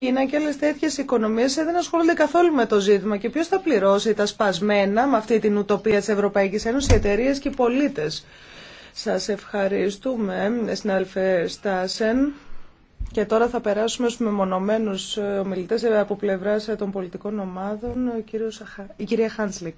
Κίνα και άλλε τέτοιε οικονομίε ε, δεν ασχολούνται καθόλου με το ζήτημα. Και ποιο θα πληρώσει τα σπασμένα με αυτή την ουτοπία τη Ευρωπαϊκή Ένωση, οι εταιρείε και οι πολίτε. Σα ευχαριστούμε, συνάδελφε Στάσεν. Και τώρα θα περάσουμε στου μεμονωμένου ε, ομιλητές ε, από πλευρά των πολιτικών ομάδων, η κυρία Χάνσλικ.